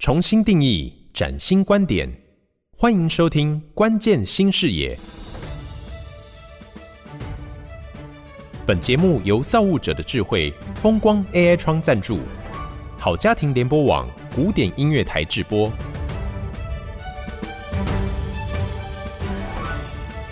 重新定義，嶄新觀點。歡迎收聽《關鍵新視野》。本節目由造物者的智慧風光 AI 窗贊助，好家庭聯播網古典音樂台制播。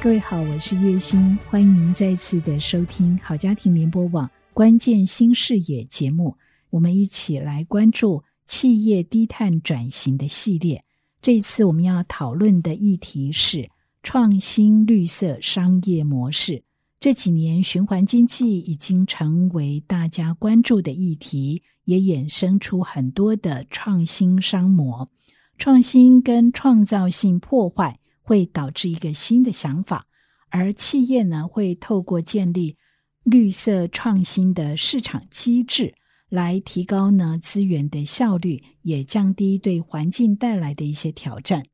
各位好，我是月心，歡迎您再次的收聽《好家庭聯播網關鍵新視野》節目，我們一起來關注。企業低碳轉型的系列，這次我們要討論的議題是創新綠色商業模式。這幾年，循環經濟已經成為大家關注的議題，也衍生出很多的創新商模。創新跟創造性破壞會導致一個新的想法，而企業呢，會透過建立綠色創新的市場機制，來提高呢資源的效率，也降低對環境帶來的一些挑戰。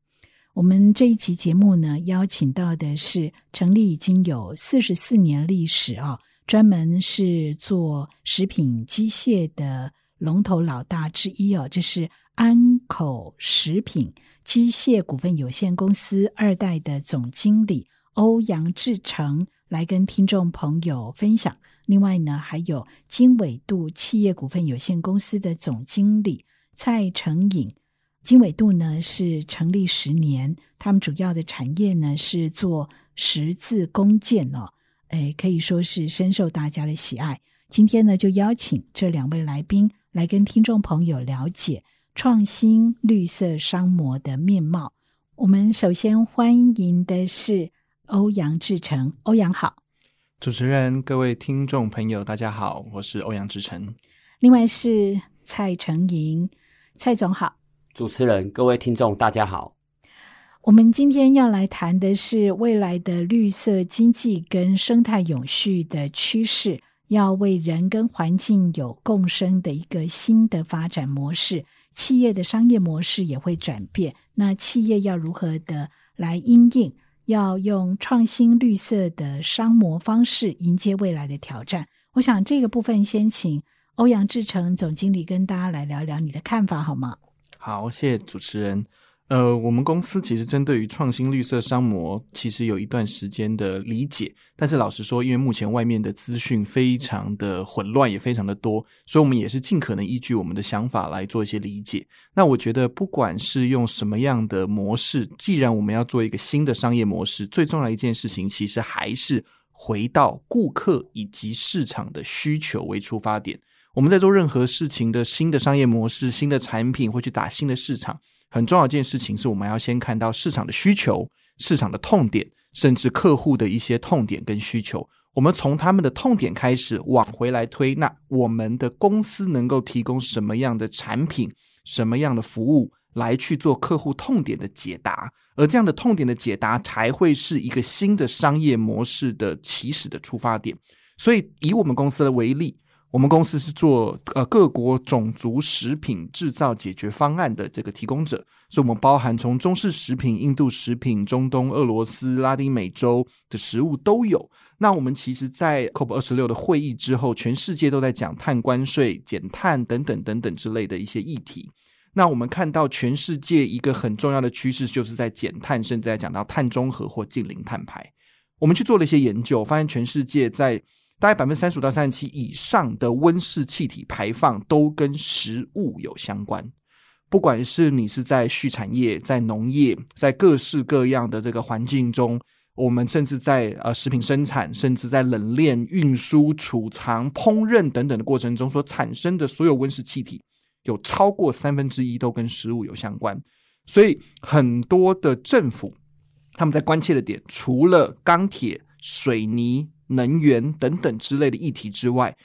我們這一期節目呢，邀請到的是成立已經有四十四年歷史啊、哦，專門是做食品機械的龍頭老大之一哦。這是安口食品機械股份有限公司二代的總經理歐陽志成，來跟聽眾朋友分享。另外呢，還有經緯度企業股份有限公司的總經理蔡承穎。經緯度呢是成立十年，他們主要的產業呢是做十字弓箭哦，哎，可以說是深受大家的喜愛。今天呢，就邀請這兩位來賓來跟聽眾朋友了解創新綠色商模的面貌。我們首先歡迎的是歐陽志成，歐陽好。主持人，各位聽眾朋友，大家好，我是歐陽志成。另外是蔡承穎，蔡總好。主持人，各位聽眾，大家好。我們今天要來談的是未來的綠色經濟跟生態永續的趨勢，要為人跟環境有共生的一個新的發展模式，企業的商業模式也會轉變。那企業要如何的來因應？要用創新、綠色的商模方式迎接未來的挑戰。我想這個部分先請歐陽志成總經理跟大家來聊聊你的看法，好嗎？好，謝謝主持人。呃，我們公司其實針對於創新綠色商模，其實有一段時間的理解。但是老實說，因為目前外面的資訊非常的混亂，也非常的多，所以我們也是盡可能依據我們的想法來做一些理解。那我覺得，不管是用什麼樣的模式，既然我們要做一個新的商業模式，最重要一件事情其實還是回到顧客以及市場的需求為出發點。我們在做任何事情的新的商業模式，新的產品，會去打新的市場。很重要一件事情是我們要先看到市場的需求、市場的痛點，甚至客戶的一些痛點跟需求。我們從他們的痛點開始往回來推，那我們的公司能夠提供什麼樣的產品、什麼樣的服務來去做客戶痛點的解答。而這樣的痛點的解答才會是一個新的商業模式的起始的出發點。所以，以我們公司的為例。我們公司是做呃各國種族食品製造解決方案的這個提供者，所以我們包含從中式食品、印度食品、中東、俄羅斯、拉丁美洲的食物都有。那我們其實，在 COP26 的會議之後，全世界都在講碳關稅、減碳等等等等之類的一些議題。那我們看到全世界一個很重要的趨勢，就是在減碳，甚至在講到碳中和或淨零碳排。我們去做了一些研究，發現全世界在。大概百分之三十五到三十七以上的溫室氣體排放都跟食物有相關，不管是你是在畜產業、在農業、在各式各樣的這個環境中，我們甚至在呃食品生產、甚至在冷鏈運輸、儲藏、烹飪等等的過程中所產生的所有溫室氣體，有超過三分之一都跟食物有相關。所以，很多的政府，他們在關切的點，除了鋼鐵、水泥。能源等等之類的議題之外，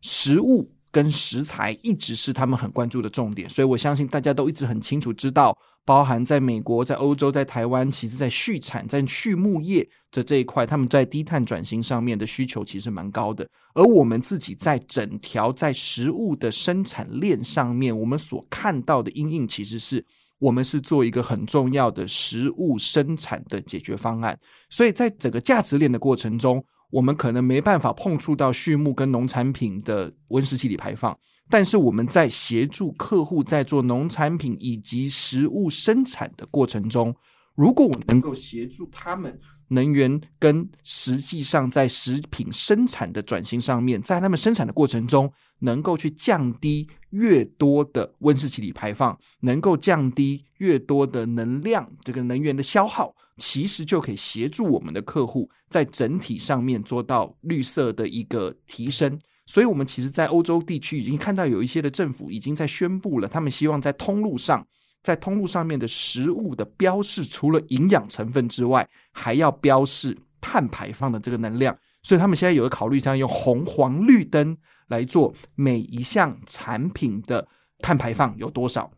食物跟食材一直是他們很關注的重點，所以我相信大家都一直很清楚知道，包含在美國、在歐洲、在台灣，其實在畜產、在畜牧業的這一塊，他們在低碳轉型上面的需求其實蠻高的。而我們自己在整條在食物的生產鏈上面，我們所看到的陰影，其實是我們是做一個很重要的食物生產的解決方案，所以在整個價值鏈的過程中。我們可能沒辦法碰觸到畜牧跟農產品的溫室氣體排放，但是我們在協助客戶在做農產品以及食物生產的過程中，如果我能夠協助他們能源跟實際上在食品生產的轉型上面，在他們生產的過程中能夠去降低越多的溫室氣體排放，能夠降低越多的能量，這個能源的消耗。其實就可以協助我們的客戶在整體上面做到綠色的一個提升。所以，我們其實，在歐洲地區已經看到有一些的政府已經在宣布了，他們希望在通路上，在通路上面的食物的標示，除了營養成分之外，還要標示碳排放的這個能量。所以，他們現在有個考慮，想要用紅、黃、綠燈來做每一項產品的碳排放有多少。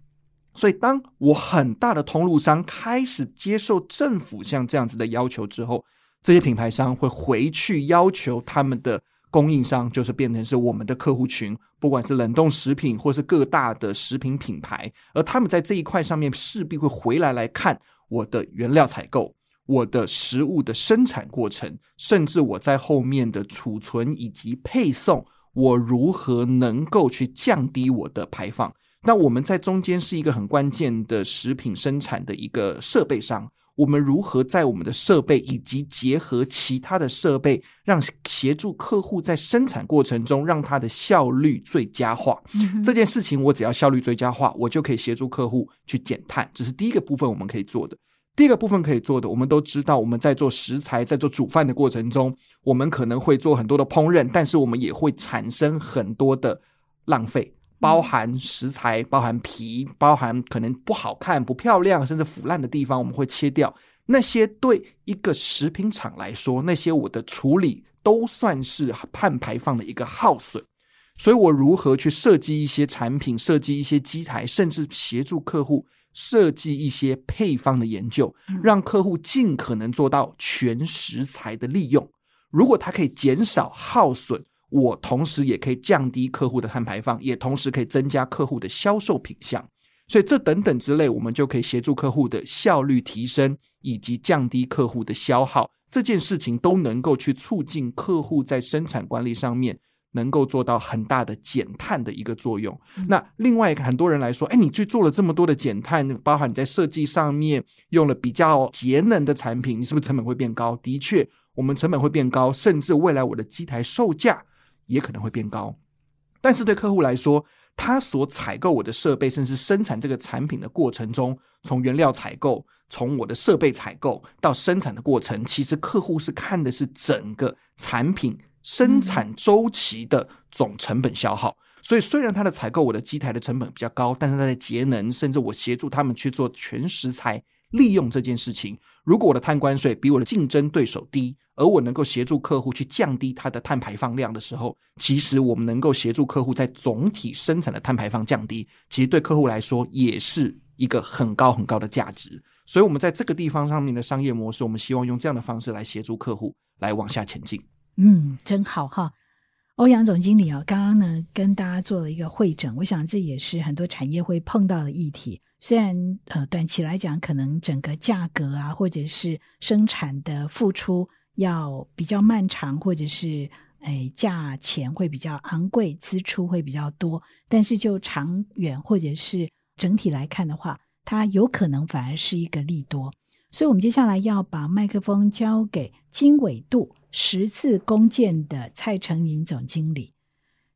所以，當我很大的通路商開始接受政府像這樣子的要求之後，這些品牌商會回去要求他們的供應商，就是變成是我們的客戶群，不管是冷凍食品或是各大的食品品牌，而他們在這一塊上面勢必會回來來看我的原料採購、我的食物的生產過程，甚至我在後面的儲存以及配送，我如何能夠去降低我的排放。那我們在中間是一個很關鍵的食品生產的一個設備商，我們如何在我們的設備以及結合其他的設備，讓協助客戶在生產過程中讓它的效率最佳化？嗯、這件事情，我只要效率最佳化，我就可以協助客戶去減碳。這是第一個部分我們可以做的。第一個部分可以做的，我們都知道我們在做食材、在做煮飯的過程中，我們可能會做很多的烹飪，但是我們也會產生很多的浪費。包含食材，包含皮，包含可能不好看、不漂亮，甚至腐爛的地方，我們會切掉。那些對一個食品廠來說，那些我的處理都算是碳排放的一個耗損。所以我如何去設計一些產品，設計一些基材，甚至協助客戶設計一些配方的研究，讓客戶盡可能做到全食材的利用。如果它可以減少耗損。我同時也可以降低客戶的碳排放，也同時可以增加客戶的銷售品項，所以這等等之類，我們就可以協助客戶的效率提升，以及降低客戶的消耗，這件事情都能夠去促進客戶在生產管理上面能夠做到很大的減碳的一個作用。嗯。那另外很多人來說，哎，你去做了這麼多的減碳，包含你在設計上面用了比較節能的產品，你是不是成本會變高？的確，我們成本會變高，甚至未來我的機台售價。也可能會變高，但是對客戶來說，他所採購我的設備，甚至生產這個產品的過程中，從原料採購，從我的設備採購到生產的過程，其實客戶是看的是整個產品生產周期的總成本消耗。嗯。所以，雖然他的採購我的機台的成本比較高，但是他的節能，甚至我協助他們去做全食材利用這件事情，如果我的碳關稅比我的競爭對手低。而我能夠協助客戶去降低它的碳排放量的時候，其實我們能夠協助客戶在總體生產的碳排放降低，其實對客戶來說也是一個很高很高的價值。所以，我們在這個地方上面的商業模式，我們希望用這樣的方式來協助客戶來往下前進。嗯，真好哈，歐陽總經理啊、哦，剛剛呢跟大家做了一個彙整，我想這也是很多產業會碰到的議題。雖然呃，短期來講，可能整個價格啊，或者是生產的付出。要比較漫長，或者是哎，價錢會比較昂貴，支出會比較多。但是就長遠或者是整體來看的話，它有可能反而是一個利多。所以我們接下來要把麥克風交給經緯度十字弓箭的蔡承穎總經理。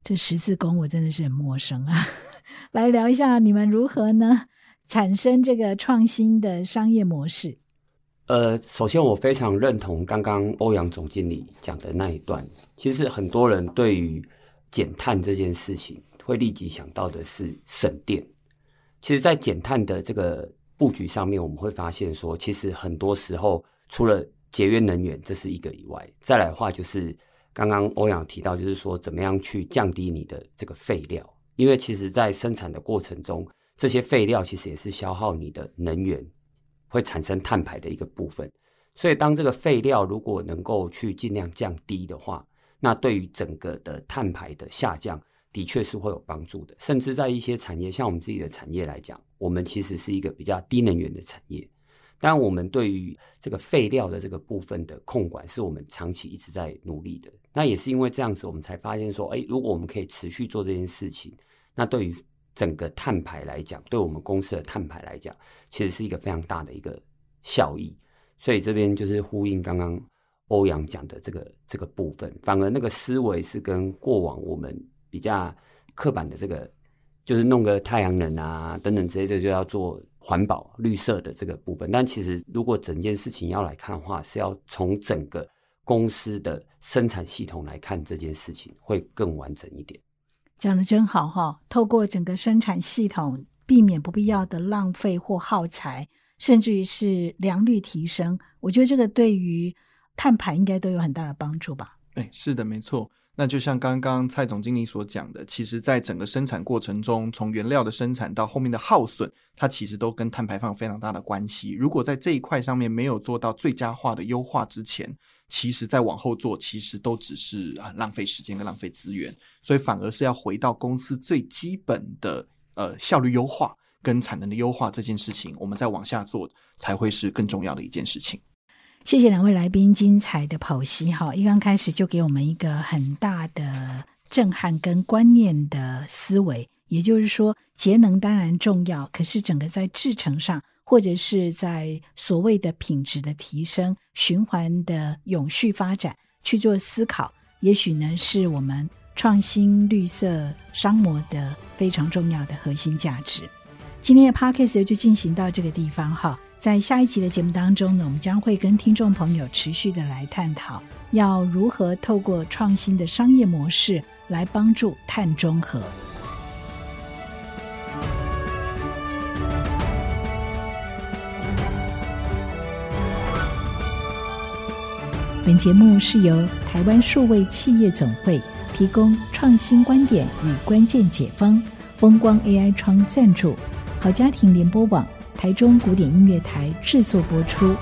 這十字弓我真的是很陌生啊， 來聊一下你們如何呢，產生這個創新的商業模式。呃，首先我非常認同剛剛歐陽總經理講的那一段。其實很多人對於減碳這件事情，會立即想到的是省電。其實在減碳的這個布局上面，我們會發現說，其實很多時候除了節約能源這是一個以外，再來的話就是剛剛歐陽提到，就是說怎麼樣去降低你的這個廢料，因為其實在生產的過程中，這些廢料其實也是消耗你的能源。會產生碳排的一個部分，所以當這個廢料如果能夠去盡量降低的話，那對於整個的碳排的下降，的確是會有幫助的。甚至在一些產業，像我們自己的產業來講，我們其實是一個比較低能源的產業，但我們對於這個廢料的這個部分的控管，是我們長期一直在努力的。那也是因為這樣子，我們才發現說，哎，如果我們可以持續做這件事情，那對於整個碳排來講，對我們公司的碳排來講，其實是一個非常大的一個效益。所以這邊就是呼應剛剛歐陽講的這個這個部分。反而那個思維是跟過往我們比較刻板的這個，就是弄個太陽能啊等等之類的，這就要做環保綠色的這個部分。但其實如果整件事情要來看的話，是要從整個公司的生產系統來看這件事情，會更完整一點。講得真好哈、哦！透過整個生產系統，避免不必要的浪費或耗材，甚至於是良率提升，我覺得這個對於碳排應該都有很大的幫助吧？哎，是的，沒錯。那就像剛剛蔡總經理所講的，其實在整個生產過程中，從原料的生產到後面的耗損，它其實都跟碳排放非常大的關係。如果在這一塊上面沒有做到最佳化的優化之前，其實再往後做，其實都只是啊浪費時間和浪費資源，所以反而是要回到公司最基本的呃效率優化跟產能的優化這件事情，我們再往下做才會是更重要的一件事情。謝謝兩位來賓精彩的剖析，哈，一剛開始就給我們一個很大的震撼跟觀念的思維，也就是說節能當然重要，可是整個在製程上，或者是在所謂的品質的提升，循環的永續發展去做思考，也許呢是我們創新綠色商模的非常重要的核心價值。今天的 Podcast 就進行到這個地方哈，在下一集的節目當中呢，我們將會跟聽眾朋友持續的來探討，要如何透過創新的商業模式來幫助碳中和。本節目是由台灣數位企業總會提供創新觀點與關鍵解方，風光 AI 窗贊助，好家庭聯播網，台中古典音樂台制作播出。